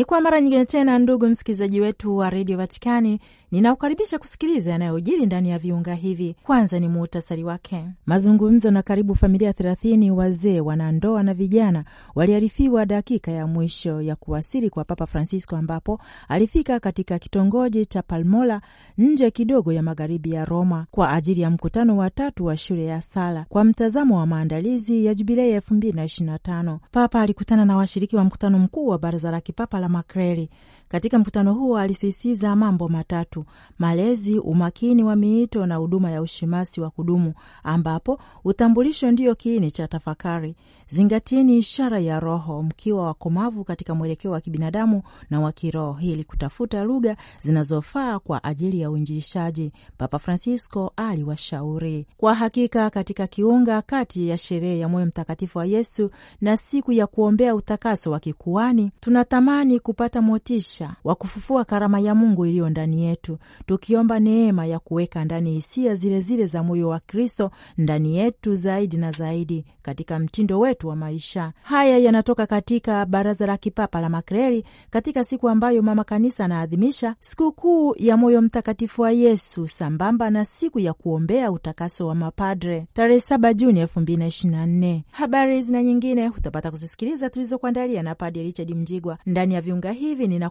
Ni kwa mara nyingine tena, ndugu msikilizaji wetu wa redio Vatikani, ninakukaribisha kusikiliza yanayojiri ndani ya viunga hivi. Kwanza ni muhtasari wake. Mazungumzo na karibu familia thelathini, wazee, wanandoa na vijana waliarifiwa dakika ya mwisho ya kuwasili kwa Papa Francisco, ambapo alifika katika kitongoji cha Palmola nje kidogo ya magharibi ya Roma kwa ajili ya mkutano wa tatu wa shule ya sala kwa mtazamo wa maandalizi ya Jubilei elfu mbili na ishirini na tano. Papa alikutana na washiriki wa mkutano mkuu wa baraza la kipapa la Makreli katika mkutano huo alisisitiza mambo matatu: malezi, umakini wa miito na huduma ya ushimasi wa kudumu, ambapo utambulisho ndiyo kiini cha tafakari. Zingatieni ishara ya Roho mkiwa wakomavu katika mwelekeo wa kibinadamu na wa kiroho, ili kutafuta lugha zinazofaa kwa ajili ya uinjilishaji, Papa Francisco aliwashauri. Kwa hakika, katika kiunga kati ya sherehe ya Moyo Mtakatifu wa Yesu na siku ya kuombea utakaso wa kikuani, tunatamani kupata motisha kutosha wa kufufua karama ya Mungu iliyo ndani yetu, tukiomba neema ya kuweka ndani hisia zile zile za moyo wa Kristo ndani yetu zaidi na zaidi katika mtindo wetu wa maisha. Haya yanatoka katika Baraza la Kipapa la Makreli katika siku ambayo Mama Kanisa anaadhimisha sikukuu ya Moyo Mtakatifu wa Yesu sambamba na siku ya kuombea utakaso wa mapadre tarehe 7 Juni 2024. Habari zina nyingine utapata kuzisikiliza tulizokuandalia na Padre Richard Mjigwa ndani ya viunga hivi nina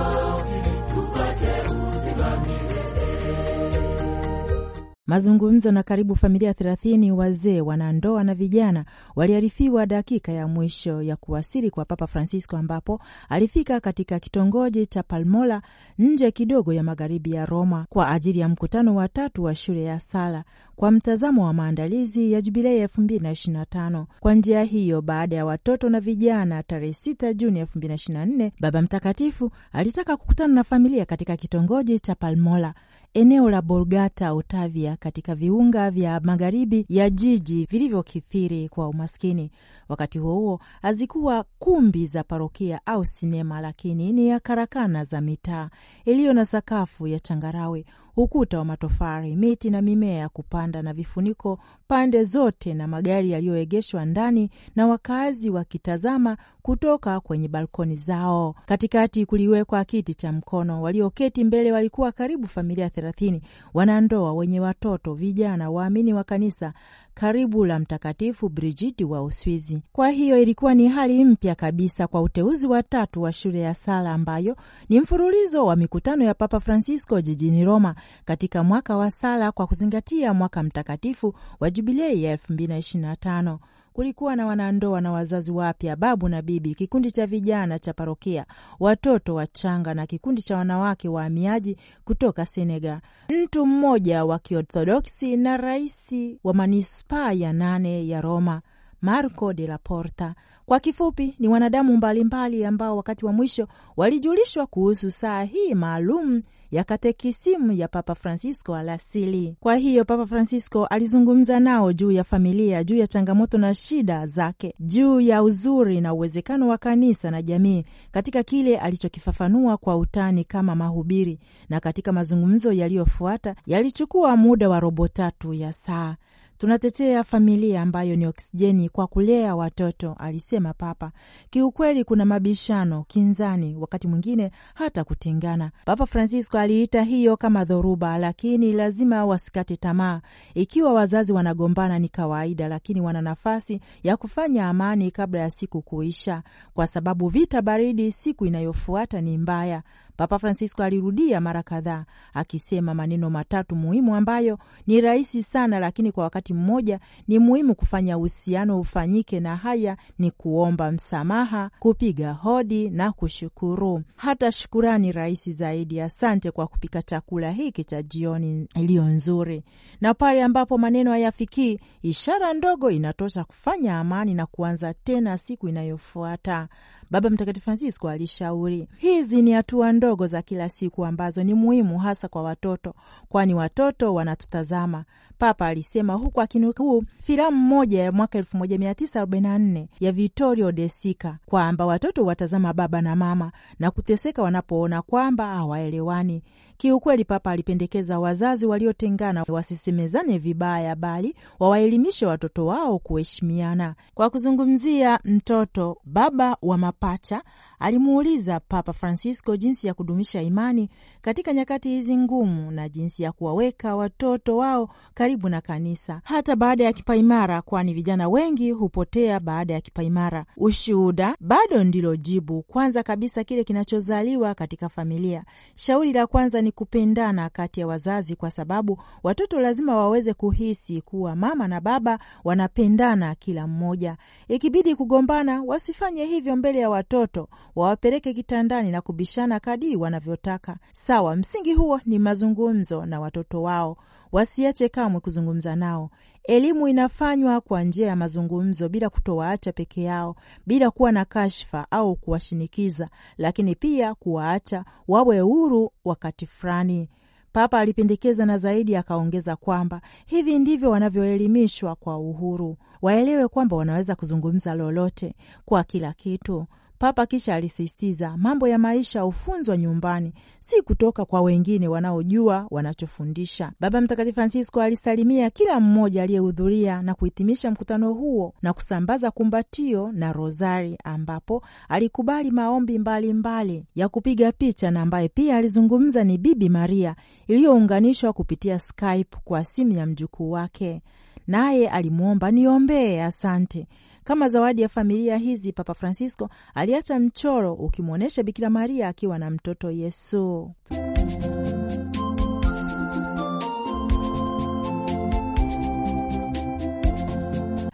Mazungumzo na karibu familia thelathini, wazee, wanandoa na vijana waliarifiwa dakika ya mwisho ya kuwasili kwa Papa Francisco, ambapo alifika katika kitongoji cha Palmola nje kidogo ya magharibi ya Roma kwa ajili ya mkutano wa tatu wa shule ya sala kwa mtazamo wa maandalizi ya Jubilei elfu mbili na ishirini na tano. Kwa njia hiyo, baada ya watoto na vijana, tarehe 6 Juni elfu mbili na ishirini na nne, Baba Mtakatifu alitaka kukutana na familia katika kitongoji cha Palmola eneo la Borgata Otavia katika viunga vya magharibi ya jiji vilivyokithiri kwa umaskini. Wakati huo huo hazikuwa kumbi za parokia au sinema, lakini ni ya karakana za mitaa iliyo na sakafu ya changarawe ukuta wa matofali, miti na mimea ya kupanda na vifuniko pande zote, na magari yaliyoegeshwa ndani na wakazi wakitazama kutoka kwenye balkoni zao. Katikati kuliwekwa kiti cha mkono. Walioketi mbele walikuwa karibu familia thelathini, wanandoa wenye watoto, vijana waamini wa kanisa karibu la Mtakatifu Brigidi wa Uswizi. Kwa hiyo ilikuwa ni hali mpya kabisa kwa uteuzi wa tatu wa shule ya sala ambayo ni mfululizo wa mikutano ya Papa Francisco jijini Roma katika mwaka wa sala kwa kuzingatia mwaka mtakatifu wa Jubilei ya 2025 kulikuwa na wanandoa na wazazi wapya, babu na bibi, kikundi cha vijana cha parokia, watoto wachanga na kikundi cha wanawake wahamiaji kutoka Senegal, mtu mmoja wa Kiorthodoksi na rais wa manispaa ya nane ya Roma, Marco de la Porta. Kwa kifupi ni wanadamu mbalimbali ambao wakati wa mwisho walijulishwa kuhusu saa hii maalum ya katekisimu ya Papa Francisco alasili. Kwa hiyo Papa Francisco alizungumza nao juu ya familia, juu ya changamoto na shida zake, juu ya uzuri na uwezekano wa kanisa na jamii katika kile alichokifafanua kwa utani kama mahubiri, na katika mazungumzo yaliyofuata yalichukua muda wa robo tatu ya saa. Tunatetea familia ambayo ni oksijeni kwa kulea watoto, alisema Papa. Kiukweli kuna mabishano, kinzani, wakati mwingine hata kutengana. Papa Francisco aliita hiyo kama dhoruba, lakini lazima wasikate tamaa. Ikiwa wazazi wanagombana ni kawaida, lakini wana nafasi ya kufanya amani kabla ya siku kuisha, kwa sababu vita baridi siku inayofuata ni mbaya, Papa Francisco alirudia mara kadhaa akisema maneno matatu muhimu ambayo ni rahisi sana, lakini kwa wakati mmoja ni muhimu kufanya uhusiano ufanyike, na haya ni kuomba msamaha, kupiga hodi na kushukuru. Hata shukurani rahisi zaidi, asante kwa kupika chakula hiki cha jioni iliyo nzuri. Na pale ambapo maneno hayafikii, ishara ndogo inatosha kufanya amani na kuanza tena siku inayofuata. Baba Mtakatifu Francisco alishauri hizi ni hatua ndogo za kila siku ambazo ni muhimu hasa kwa watoto, kwani watoto wanatutazama, Papa alisema, huku akinukuu filamu moja ya mwaka 1944 ya Vittorio De Sica kwamba watoto watazama baba na mama na kuteseka wanapoona kwamba hawaelewani. Kiukweli, Papa alipendekeza wazazi waliotengana wasisemezane vibaya, bali wawaelimishe watoto wao kuheshimiana. Kwa kuzungumzia mtoto, baba wa pacha alimuuliza Papa Francisco jinsi ya kudumisha imani katika nyakati hizi ngumu na jinsi ya kuwaweka watoto wao karibu na kanisa hata baada ya kipaimara, kwani vijana wengi hupotea baada ya kipaimara. Ushuhuda bado ndilo jibu kwanza kabisa kile kinachozaliwa katika familia. Shauri la kwanza ni kupendana kati ya wazazi, kwa sababu watoto lazima waweze kuhisi kuwa mama na baba wanapendana kila mmoja. Ikibidi kugombana, wasifanye hivyo mbele ya watoto wawapeleke kitandani na kubishana kadiri wanavyotaka. Sawa, msingi huo ni mazungumzo na watoto wao, wasiache kamwe kuzungumza nao. Elimu inafanywa kwa njia ya mazungumzo, bila kutowaacha peke yao, bila kuwa na kashfa au kuwashinikiza, lakini pia kuwaacha wawe huru wakati fulani. Papa alipendekeza na zaidi akaongeza kwamba hivi ndivyo wanavyoelimishwa kwa uhuru, waelewe kwamba wanaweza kuzungumza lolote kwa kila kitu. Papa kisha alisisitiza, mambo ya maisha hufunzwa nyumbani, si kutoka kwa wengine wanaojua wanachofundisha. Baba Mtakatifu Francisco alisalimia kila mmoja aliyehudhuria na kuhitimisha mkutano huo na kusambaza kumbatio na rozari, ambapo alikubali maombi mbalimbali mbali ya kupiga picha, na ambaye pia alizungumza ni Bibi Maria iliyounganishwa kupitia Skype kwa simu ya mjukuu wake naye alimwomba niombee, asante. Kama zawadi ya familia hizi, Papa Francisco aliacha mchoro ukimwonyesha Bikira Maria akiwa na mtoto Yesu.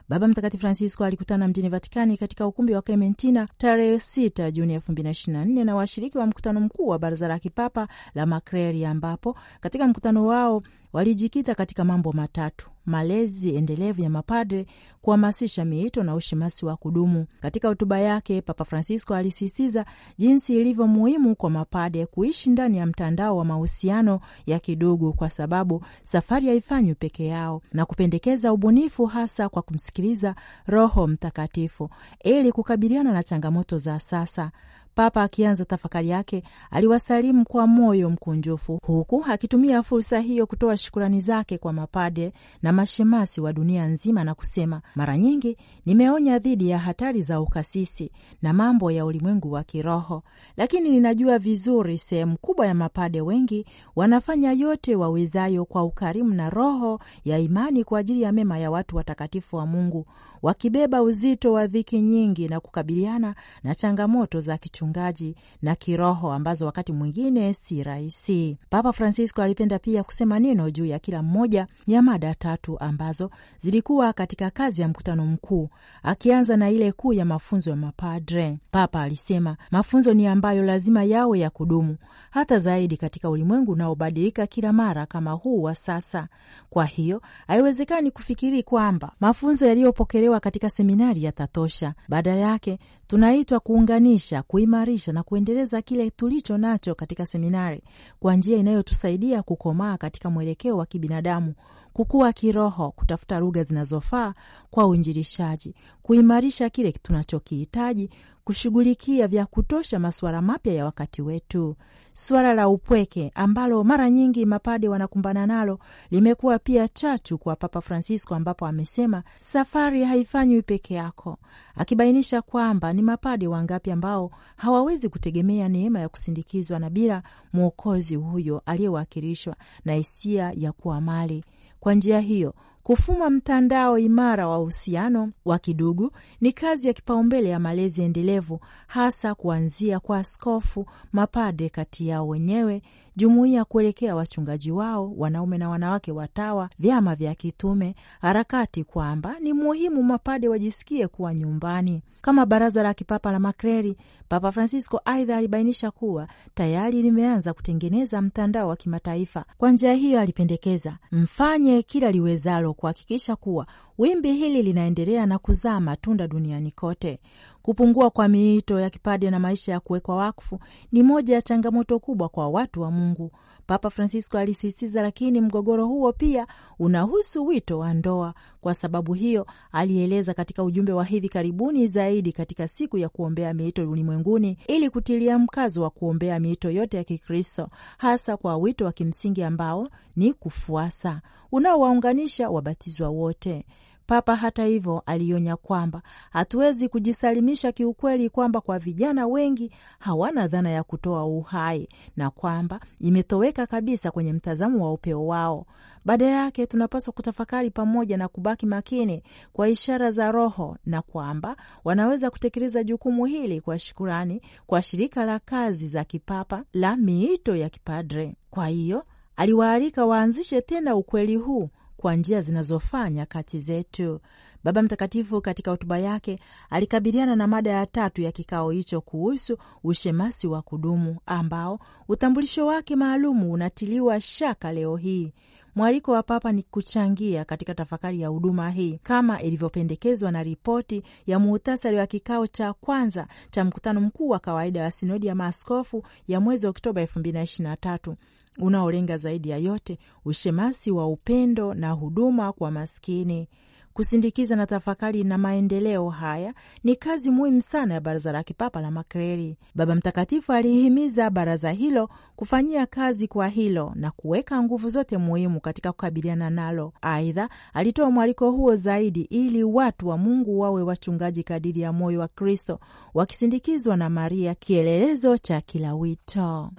Baba Mtakatifu Francisco alikutana mjini Vatikani katika ukumbi wa Clementina tarehe 6 Juni 2024 na washiriki wa mkutano mkuu wa baraza la kipapa la Makreli, ambapo katika mkutano wao walijikita katika mambo matatu: malezi endelevu ya mapadre, kuhamasisha miito na ushemasi wa kudumu. Katika hotuba yake, Papa Francisco alisisitiza jinsi ilivyo muhimu kwa mapadre kuishi ndani ya mtandao wa mahusiano ya kidugu, kwa sababu safari haifanywi peke yao, na kupendekeza ubunifu, hasa kwa kumsikiliza Roho Mtakatifu ili kukabiliana na changamoto za sasa. Papa akianza tafakari yake aliwasalimu kwa moyo mkunjufu, huku akitumia fursa hiyo kutoa shukurani zake kwa mapade na mashemasi wa dunia nzima, na kusema: mara nyingi nimeonya dhidi ya hatari za ukasisi na mambo ya ulimwengu wa kiroho, lakini ninajua vizuri sehemu kubwa ya mapade wengi wanafanya yote wawezayo kwa ukarimu na roho ya imani kwa ajili ya mema ya watu watakatifu wa Mungu wakibeba uzito wa dhiki nyingi na kukabiliana na changamoto za kichungaji na kiroho ambazo wakati mwingine si rahisi. Papa Francisco alipenda pia kusema neno juu ya kila mmoja ya mada tatu ambazo zilikuwa katika kazi ya mkutano mkuu, akianza na ile kuu ya mafunzo ya mapadre. Papa alisema mafunzo ni ambayo lazima yawe ya kudumu, hata zaidi katika ulimwengu unaobadilika kila mara kama huu wa sasa. Kwa hiyo haiwezekani kufikiri kwamba mafunzo yaliyopokelewa kutolewa katika seminari yatatosha. Badala yake tunaitwa kuunganisha, kuimarisha na kuendeleza kile tulicho nacho katika seminari kwa njia inayotusaidia kukomaa katika mwelekeo wa kibinadamu, kukua kiroho, kutafuta lugha zinazofaa kwa uinjilishaji, kuimarisha kile tunachokihitaji kushughulikia vya kutosha masuala mapya ya wakati wetu. Suala la upweke ambalo mara nyingi mapade wanakumbana nalo limekuwa pia chachu kwa Papa Francisco, ambapo amesema safari haifanywi peke yako, akibainisha kwamba ni mapade wangapi ambao hawawezi kutegemea neema ya kusindikizwa na bila mwokozi huyo aliyewakilishwa na hisia ya kuwa mali. Kwa njia hiyo Kufuma mtandao imara wa uhusiano wa kidugu ni kazi ya kipaumbele ya malezi endelevu, hasa kuanzia kwa askofu, mapade kati yao wenyewe, jumuiya kuelekea wachungaji wao, wanaume na wanawake watawa, vyama vya kitume, harakati, kwamba ni muhimu mapade wajisikie kuwa nyumbani kama baraza la kipapa la Makreri. Papa Francisco aidha alibainisha kuwa tayari limeanza kutengeneza mtandao wa kimataifa. Kwa njia hiyo, alipendekeza mfanye kila liwezalo kuhakikisha kuwa wimbi hili linaendelea na kuzaa matunda duniani kote. Kupungua kwa miito ya kipade na maisha ya kuwekwa wakfu ni moja ya changamoto kubwa kwa watu wa Mungu, Papa Francisco alisisitiza. Lakini mgogoro huo pia unahusu wito wa ndoa. Kwa sababu hiyo, alieleza katika ujumbe wa hivi karibuni zaidi katika siku ya kuombea miito ulimwenguni, ili kutilia mkazo wa kuombea miito yote ya Kikristo, hasa kwa wito wa kimsingi ambao ni kufuasa, unaowaunganisha wabatizwa wote. Papa hata hivyo alionya kwamba hatuwezi kujisalimisha kiukweli, kwamba kwa vijana wengi hawana dhana ya kutoa uhai na kwamba imetoweka kabisa kwenye mtazamo wa upeo wao. Badala yake tunapaswa kutafakari pamoja na kubaki makini kwa ishara za Roho na kwamba wanaweza kutekeleza jukumu hili kwa shukurani kwa shirika la kazi za kipapa la miito ya kipadre. Kwa hiyo aliwaalika waanzishe tena ukweli huu kwa njia zinazofanya kati zetu. Baba Mtakatifu katika hotuba yake alikabiliana na mada ya tatu ya kikao hicho kuhusu ushemasi wa kudumu ambao utambulisho wake maalumu unatiliwa shaka leo hii. Mwaliko wa Papa ni kuchangia katika tafakari ya huduma hii kama ilivyopendekezwa na ripoti ya muhtasari wa kikao cha kwanza cha mkutano mkuu wa kawaida wa sinodi ya maaskofu ya mwezi Oktoba 2023 unaolenga zaidi ya yote ushemasi wa upendo na huduma kwa maskini. Kusindikiza na tafakari na maendeleo haya ni kazi muhimu sana ya Baraza la Kipapa la Makreli. Baba Mtakatifu alihimiza baraza hilo kufanyia kazi kwa hilo na kuweka nguvu zote muhimu katika kukabiliana nalo. Aidha, alitoa mwaliko huo zaidi ili watu wa Mungu wawe wachungaji kadiri ya moyo wa Kristo, wakisindikizwa na Maria, kielelezo cha kila wito.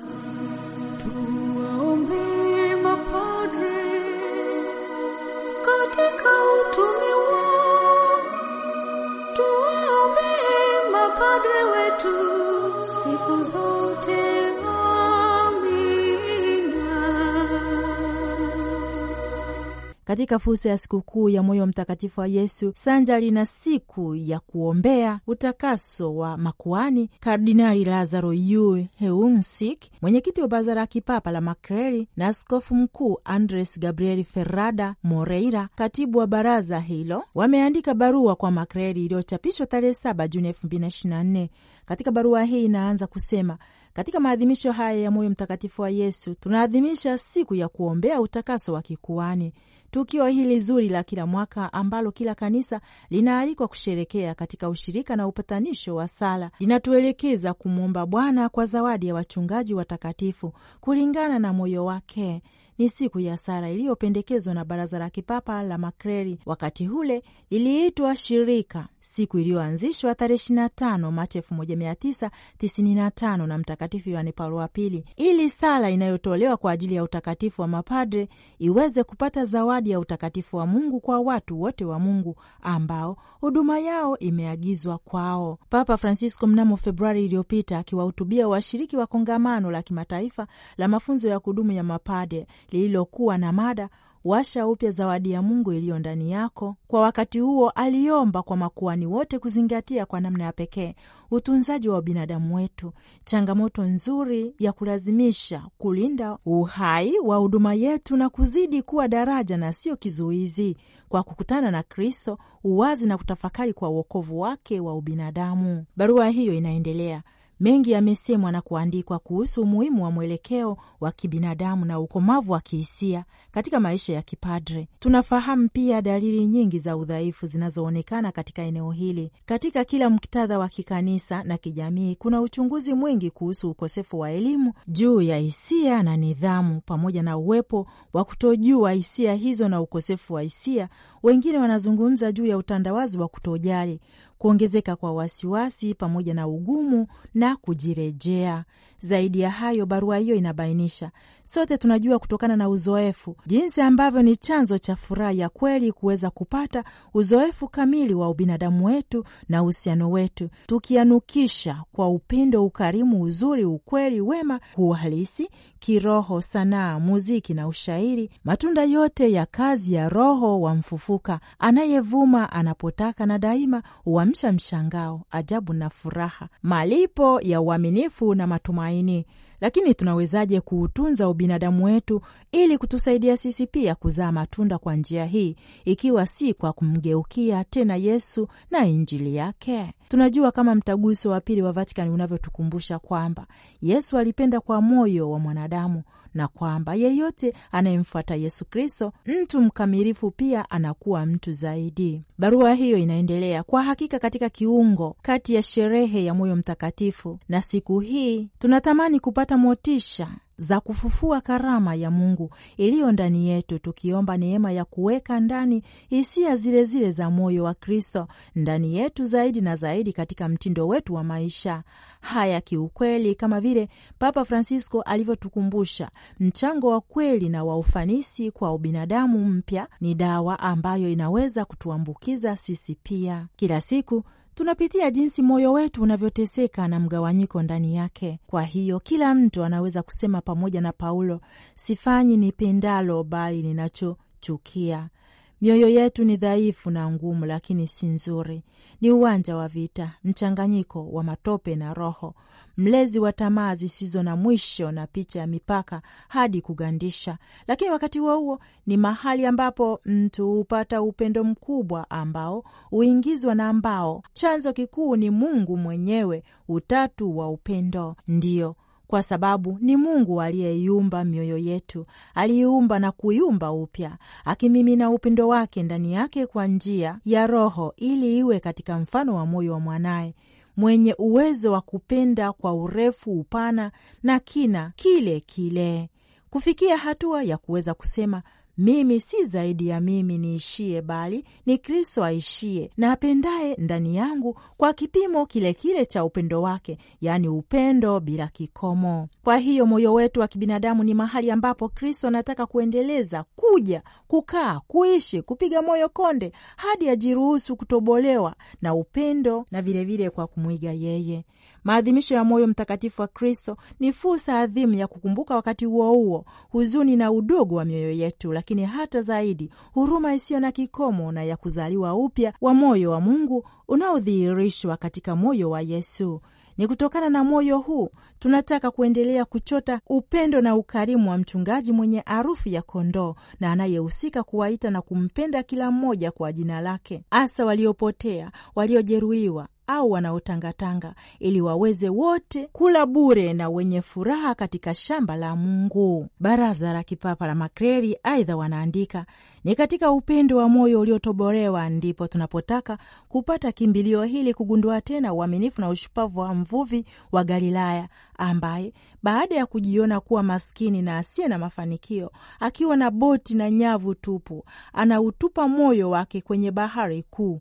Padre wetu siku zote. Katika fursa ya sikukuu ya moyo mtakatifu wa Yesu sanja na siku ya kuombea utakaso wa makuani, Kardinali Lazaro Yu Heunsik, mwenyekiti wa baraza la kipapa la makreli, na askofu mkuu Andres Gabriel Ferrada Moreira, katibu wa baraza hilo, wameandika barua kwa makreli iliyochapishwa tarehe 7 Juni 2024. Katika barua hii inaanza kusema katika maadhimisho haya ya moyo mtakatifu wa Yesu tunaadhimisha siku ya kuombea utakaso wa kikuani. Tukio hili zuri la kila mwaka ambalo kila kanisa linaalikwa kusherekea katika ushirika na upatanisho wa sala linatuelekeza kumwomba Bwana kwa zawadi ya wachungaji watakatifu kulingana na moyo wake ni siku ya sara iliyopendekezwa na Baraza la Kipapa la makreri Wakati ule liliitwa Shirika, siku iliyoanzishwa tarehe 25 Machi 1995 na Mtakatifu Yohane Paulo wa Pili, ili sala inayotolewa kwa ajili ya utakatifu wa mapadre iweze kupata zawadi ya utakatifu wa Mungu kwa watu wote wa Mungu ambao huduma yao imeagizwa kwao. Papa Francisco mnamo Februari iliyopita akiwahutubia washiriki wa kongamano la kimataifa la mafunzo ya kudumu ya mapadre lililokuwa na mada washa upya zawadi ya Mungu iliyo ndani yako. Kwa wakati huo, aliomba kwa makuani wote kuzingatia kwa namna ya pekee utunzaji wa binadamu wetu, changamoto nzuri ya kulazimisha kulinda uhai wa huduma yetu na kuzidi kuwa daraja na sio kizuizi, kwa kukutana na Kristo uwazi na kutafakari kwa uokovu wake wa ubinadamu. Barua hiyo inaendelea Mengi yamesemwa na kuandikwa kuhusu umuhimu wa mwelekeo wa kibinadamu na ukomavu wa kihisia katika maisha ya kipadre. Tunafahamu pia dalili nyingi za udhaifu zinazoonekana katika eneo hili. Katika kila muktadha wa kikanisa na kijamii, kuna uchunguzi mwingi kuhusu ukosefu wa elimu juu ya hisia na nidhamu, pamoja na uwepo wa kutojua hisia hizo na ukosefu wa hisia. Wengine wanazungumza juu ya utandawazi wa kutojali kuongezeka kwa wasiwasi pamoja na ugumu na kujirejea. Zaidi ya hayo, barua hiyo inabainisha, sote tunajua kutokana na uzoefu, jinsi ambavyo ni chanzo cha furaha ya kweli kuweza kupata uzoefu kamili wa ubinadamu wetu na uhusiano wetu, tukianukisha kwa upendo, ukarimu, uzuri, ukweli, wema, uhalisi, kiroho, sanaa, muziki na ushairi, matunda yote ya kazi ya Roho wa mfufuka anayevuma anapotaka na daima huamsha mshangao, ajabu na furaha, malipo ya uaminifu na matumaini matumaini. lakini tunawezaje kuutunza ubinadamu wetu ili kutusaidia sisi pia kuzaa matunda kwa njia hii, ikiwa si kwa kumgeukia tena Yesu na injili yake? Tunajua kama mtaguso wa pili wa Vatikani unavyotukumbusha kwamba Yesu alipenda kwa moyo wa mwanadamu na kwamba yeyote anayemfuata Yesu Kristo, mtu mkamilifu, pia anakuwa mtu zaidi. Barua hiyo inaendelea: kwa hakika katika kiungo kati ya sherehe ya moyo mtakatifu na siku hii tunatamani kupata motisha za kufufua karama ya Mungu iliyo ndani yetu, tukiomba neema ya kuweka ndani hisia zile zile za moyo wa Kristo ndani yetu zaidi na zaidi katika mtindo wetu wa maisha haya. Kiukweli, kama vile Papa Francisco alivyotukumbusha, mchango wa kweli na wa ufanisi kwa ubinadamu mpya ni dawa ambayo inaweza kutuambukiza sisi pia. Kila siku tunapitia jinsi moyo wetu unavyoteseka na mgawanyiko ndani yake. Kwa hiyo kila mtu anaweza kusema pamoja na Paulo, sifanyi nipendalo, bali ninachochukia. Mioyo yetu ni dhaifu na ngumu, lakini si nzuri. Ni uwanja wa vita, mchanganyiko wa matope na roho mlezi wa tamaa zisizo na mwisho na picha ya mipaka hadi kugandisha. Lakini wakati huo huo ni mahali ambapo mtu hupata upendo mkubwa ambao huingizwa na ambao chanzo kikuu ni Mungu mwenyewe, utatu wa upendo. Ndiyo, kwa sababu ni Mungu aliyeiumba mioyo yetu, aliiumba na kuiumba upya, akimimina upendo wake ndani yake kwa njia ya Roho ili iwe katika mfano wa moyo wa mwanaye mwenye uwezo wa kupenda kwa urefu, upana na kina kile kile, kufikia hatua ya kuweza kusema mimi si zaidi ya mimi niishie, bali ni Kristo aishie na apendaye ndani yangu kwa kipimo kile kile cha upendo wake, yaani upendo bila kikomo. Kwa hiyo moyo wetu wa kibinadamu ni mahali ambapo Kristo anataka kuendeleza, kuja, kukaa, kuishi, kupiga moyo konde hadi ajiruhusu kutobolewa na upendo na vilevile vile kwa kumwiga yeye. Maadhimisho ya moyo mtakatifu wa Kristo ni fursa adhimu ya kukumbuka wakati huo huo huzuni na udogo wa mioyo yetu, lakini hata zaidi huruma isiyo na kikomo na ya kuzaliwa upya wa moyo wa Mungu unaodhihirishwa katika moyo wa Yesu. Ni kutokana na moyo huu tunataka kuendelea kuchota upendo na ukarimu wa mchungaji mwenye harufu ya kondoo na anayehusika kuwaita na kumpenda kila mmoja kwa jina lake, hasa waliopotea, waliojeruhiwa, au wanaotangatanga ili waweze wote kula bure na wenye furaha katika shamba la Mungu. Baraza la Kipapa la Makreri aidha wanaandika ni katika upendo wa moyo uliotobolewa ndipo tunapotaka kupata kimbilio hili, kugundua tena uaminifu na ushupavu wa mvuvi wa Galilaya ambaye baada ya kujiona kuwa maskini na asiye na mafanikio, akiwa na boti na nyavu tupu, anautupa moyo wake kwenye bahari kuu,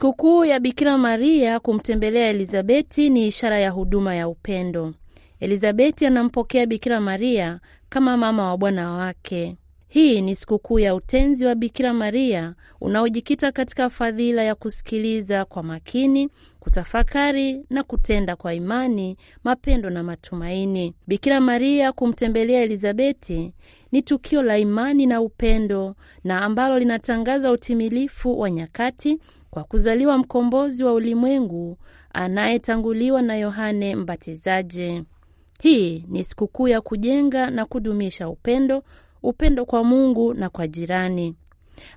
Sikukuu ya Bikira Maria kumtembelea Elizabeti ni ishara ya huduma ya upendo. Elizabeti anampokea Bikira Maria kama mama wa Bwana wake. Hii ni sikukuu ya utenzi wa Bikira Maria unaojikita katika fadhila ya kusikiliza kwa makini, kutafakari na kutenda kwa imani, mapendo na matumaini. Bikira Maria kumtembelea Elizabeti ni tukio la imani na upendo na ambalo linatangaza utimilifu wa nyakati kwa kuzaliwa mkombozi wa ulimwengu anayetanguliwa na Yohane Mbatizaji. Hii ni sikukuu ya kujenga na kudumisha upendo, upendo kwa Mungu na kwa jirani.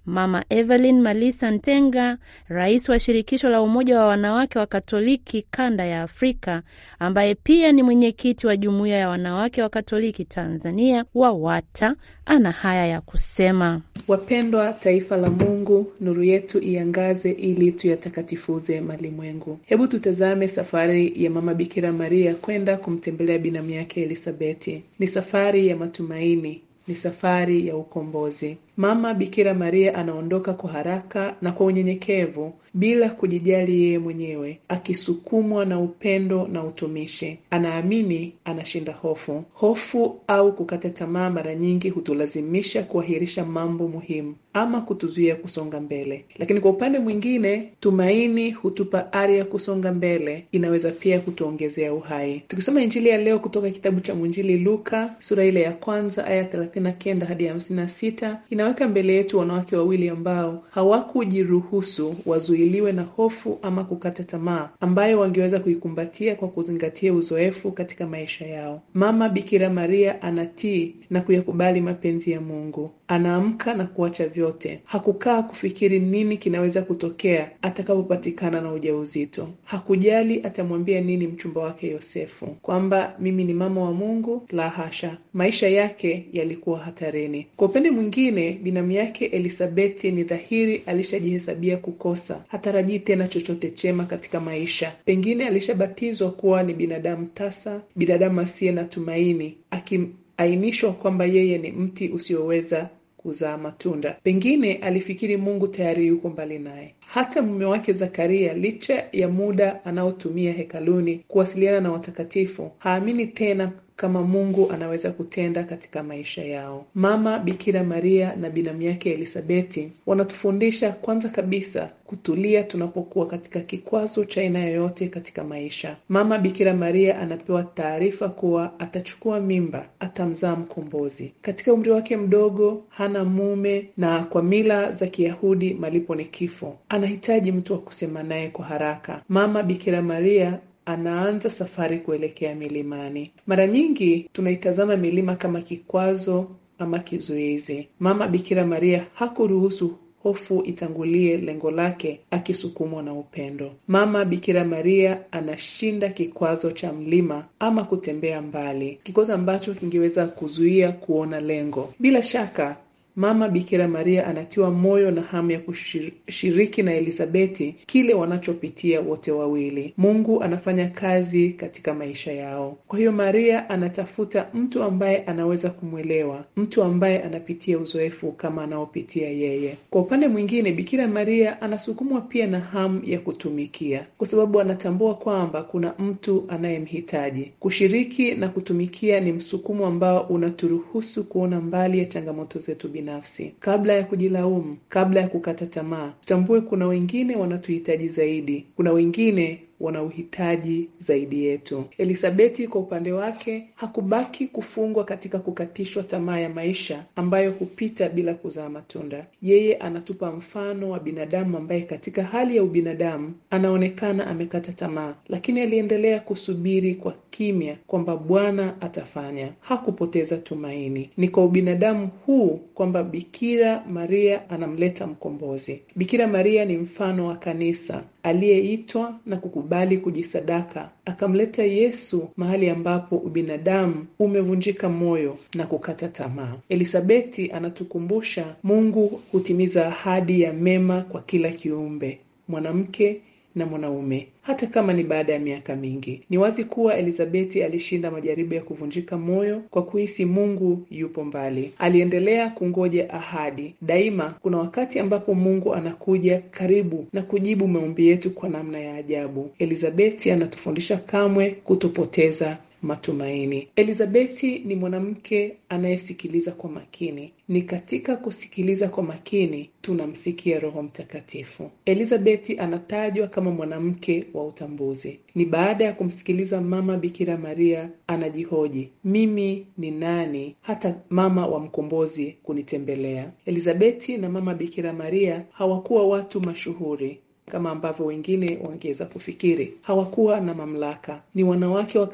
Mama Evelyn Malisa Ntenga, rais wa shirikisho la umoja wa wanawake wa Katoliki kanda ya Afrika, ambaye pia ni mwenyekiti wa jumuiya ya wanawake wa Katoliki Tanzania WAWATA, ana haya ya kusema: Wapendwa taifa la Mungu, nuru yetu iangaze ili tuyatakatifuze malimwengu. Hebu tutazame safari ya Mama Bikira Maria kwenda kumtembelea binamu yake Elisabeti. Ni safari ya matumaini, ni safari ya ukombozi. Mama Bikira Maria anaondoka kwa haraka na kwa unyenyekevu bila kujijali yeye mwenyewe, akisukumwa na upendo na utumishi. Anaamini anashinda hofu. Hofu au kukata tamaa mara nyingi hutulazimisha kuahirisha mambo muhimu ama kutuzuia kusonga mbele, lakini kwa upande mwingine, tumaini hutupa ari ya kusonga mbele. Inaweza pia kutuongezea uhai. Tukisoma Injili ya leo kutoka kitabu cha mwinjili Luka sura ile ya kwanza aya 39 hadi 56 Inaweka mbele yetu wanawake wawili ambao hawakujiruhusu wazuiliwe na hofu ama kukata tamaa ambayo wangeweza kuikumbatia kwa kuzingatia uzoefu katika maisha yao. Mama Bikira Maria anatii na kuyakubali mapenzi ya Mungu. Anaamka na kuacha vyote. Hakukaa kufikiri nini kinaweza kutokea atakapopatikana na ujauzito. Hakujali atamwambia nini mchumba wake Yosefu kwamba mimi ni mama wa Mungu. La hasha, maisha yake yalikuwa hatarini. Kwa upande mwingine binamu yake Elisabeti ni dhahiri alishajihesabia kukosa, hatarajii tena chochote chema katika maisha. Pengine alishabatizwa kuwa ni binadamu tasa, binadamu asiye na tumaini, akiainishwa kwamba yeye ni mti usioweza kuzaa matunda. Pengine alifikiri Mungu tayari yuko mbali naye. Hata mume wake Zakaria, licha ya muda anaotumia hekaluni kuwasiliana na watakatifu, haamini tena kama Mungu anaweza kutenda katika maisha yao. Mama Bikira Maria na binamu yake Elisabeti wanatufundisha kwanza kabisa kutulia tunapokuwa katika kikwazo cha aina yoyote katika maisha. Mama Bikira Maria anapewa taarifa kuwa atachukua mimba, atamzaa mkombozi. Katika umri wake mdogo, hana mume na kwa mila za Kiyahudi malipo ni kifo. Ana anahitaji mtu wa kusema naye kwa haraka. Mama Bikira Maria anaanza safari kuelekea milimani. Mara nyingi tunaitazama milima kama kikwazo ama kizuizi. Mama Bikira Maria hakuruhusu hofu itangulie lengo lake, akisukumwa na upendo. Mama Bikira Maria anashinda kikwazo cha mlima ama kutembea mbali, kikwazo ambacho kingeweza kuzuia kuona lengo. Bila shaka Mama Bikira Maria anatiwa moyo na hamu ya kushiriki na Elizabeti kile wanachopitia wote wawili. Mungu anafanya kazi katika maisha yao. Kwa hiyo, Maria anatafuta mtu ambaye anaweza kumwelewa, mtu ambaye anapitia uzoefu kama anaopitia yeye. Kwa upande mwingine, Bikira Maria anasukumwa pia na hamu ya kutumikia, kwa sababu anatambua kwamba kuna mtu anayemhitaji. Kushiriki na kutumikia ni msukumo ambao unaturuhusu kuona mbali ya changamoto zetu binafsi binafsi. Kabla ya kujilaumu, kabla ya kukata tamaa, tutambue kuna wengine wanatuhitaji zaidi, kuna wengine wana uhitaji zaidi yetu. Elisabeti kwa upande wake hakubaki kufungwa katika kukatishwa tamaa ya maisha ambayo hupita bila kuzaa matunda. Yeye anatupa mfano wa binadamu ambaye katika hali ya ubinadamu anaonekana amekata tamaa, lakini aliendelea kusubiri kwa kimya kwamba Bwana atafanya. Hakupoteza tumaini. Ni kwa ubinadamu huu kwamba Bikira Maria anamleta mkombozi. Bikira Maria ni mfano wa kanisa aliyeitwa na kukubali kujisadaka, akamleta Yesu mahali ambapo ubinadamu umevunjika moyo na kukata tamaa. Elisabeti anatukumbusha Mungu hutimiza ahadi ya mema kwa kila kiumbe. Mwanamke na mwanaume hata kama ni baada ya miaka mingi. Ni wazi kuwa Elizabeti alishinda majaribu ya kuvunjika moyo kwa kuhisi Mungu yupo mbali. Aliendelea kungoja ahadi. Daima kuna wakati ambapo Mungu anakuja karibu na kujibu maombi yetu kwa namna ya ajabu. Elizabeti anatufundisha kamwe kutopoteza matumaini. Elizabeti ni mwanamke anayesikiliza kwa makini. Ni katika kusikiliza kwa makini tunamsikia Roho Mtakatifu. Elizabeti anatajwa kama mwanamke wa utambuzi. Ni baada ya kumsikiliza mama Bikira Maria anajihoji, mimi ni nani hata mama wa mkombozi kunitembelea? Elizabeti na mama Bikira Maria hawakuwa watu mashuhuri kama ambavyo wengine wangeweza kufikiri. Hawakuwa na mamlaka, ni wanawake wa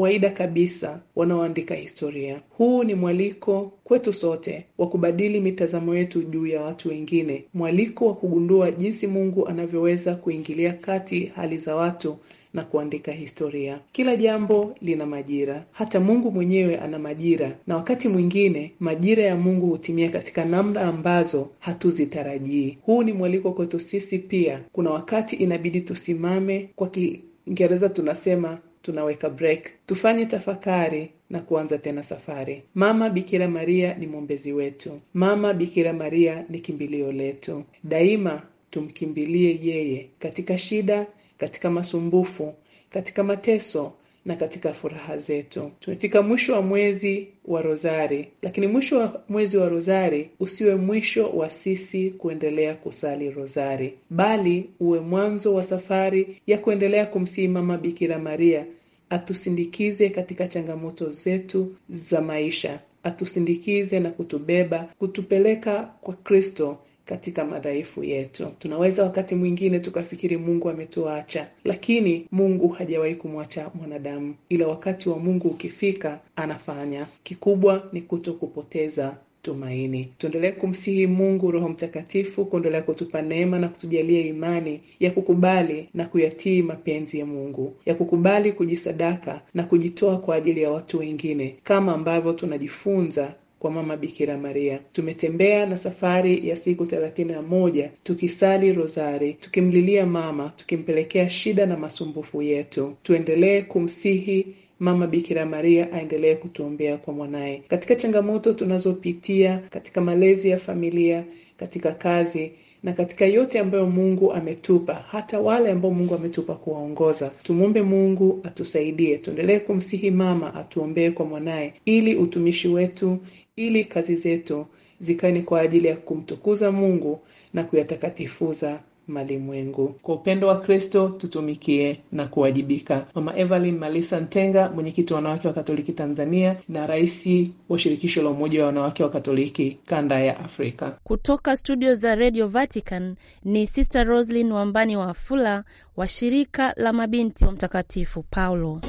waida kabisa wanaoandika historia. Huu ni mwaliko kwetu sote wa kubadili mitazamo yetu juu ya watu wengine, mwaliko wa kugundua jinsi Mungu anavyoweza kuingilia kati hali za watu na kuandika historia. Kila jambo lina majira, hata Mungu mwenyewe ana majira, na wakati mwingine majira ya Mungu hutimia katika namna ambazo hatuzitarajii. Huu ni mwaliko kwetu sisi pia. Kuna wakati inabidi tusimame, kwa Kiingereza tunasema tunaweka break, tufanye tafakari na kuanza tena safari. Mama Bikira Maria ni mwombezi wetu. Mama Bikira Maria ni kimbilio letu. Daima tumkimbilie yeye katika shida, katika masumbufu, katika mateso na katika furaha zetu. Tumefika mwisho wa mwezi wa Rozari, lakini mwisho wa mwezi wa Rozari usiwe mwisho wa sisi kuendelea kusali Rozari, bali uwe mwanzo wa safari ya kuendelea kumsimama Bikira Maria atusindikize katika changamoto zetu za maisha, atusindikize na kutubeba, kutupeleka kwa Kristo katika madhaifu yetu. Tunaweza wakati mwingine tukafikiri Mungu ametuacha, lakini Mungu hajawahi kumwacha mwanadamu, ila wakati wa Mungu ukifika anafanya. Kikubwa ni kuto kupoteza tumaini. Tuendelee kumsihi Mungu Roho Mtakatifu kuendelea kutupa neema na kutujalia imani ya kukubali na kuyatii mapenzi ya Mungu, ya kukubali kujisadaka na kujitoa kwa ajili ya watu wengine, kama ambavyo tunajifunza kwa Mama Bikira Maria. Tumetembea na safari ya siku thelathini na moja tukisali rozari, tukimlilia mama, tukimpelekea shida na masumbufu yetu. Tuendelee kumsihi Mama Bikira Maria aendelee kutuombea kwa mwanaye katika changamoto tunazopitia katika malezi ya familia, katika kazi na katika yote ambayo Mungu ametupa, hata wale ambao Mungu ametupa kuwaongoza. Tumwombe Mungu atusaidie, tuendelee kumsihi mama atuombee kwa mwanaye, ili utumishi wetu, ili kazi zetu zikawe ni kwa ajili ya kumtukuza Mungu na kuyatakatifuza malimwengu. Kwa upendo wa Kristo tutumikie na kuwajibika. Mama Evelyn Malisa Ntenga, mwenyekiti wa wanawake wa Katoliki Tanzania na rais wa shirikisho la umoja wa wanawake wa Katoliki kanda ya Afrika. Kutoka studio za Radio Vatican ni Sister Roslyn Wambani wa fula wa shirika la mabinti wa Mtakatifu Paulo.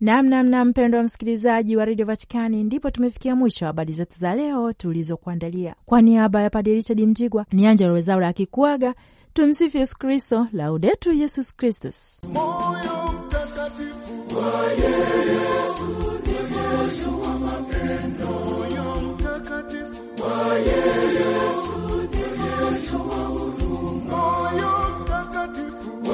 Namnamna mpendo wa msikilizaji wa redio Vatikani, ndipo tumefikia mwisho habari zetu za leo tulizokuandalia. Kwa niaba ya Padre Richard Mjigwa ni Anjelo Wezaura akikuaga. Tumsifu Yesu Kristo, laudetu Yesus Kristus. Moyo Mtakatifu wa yeye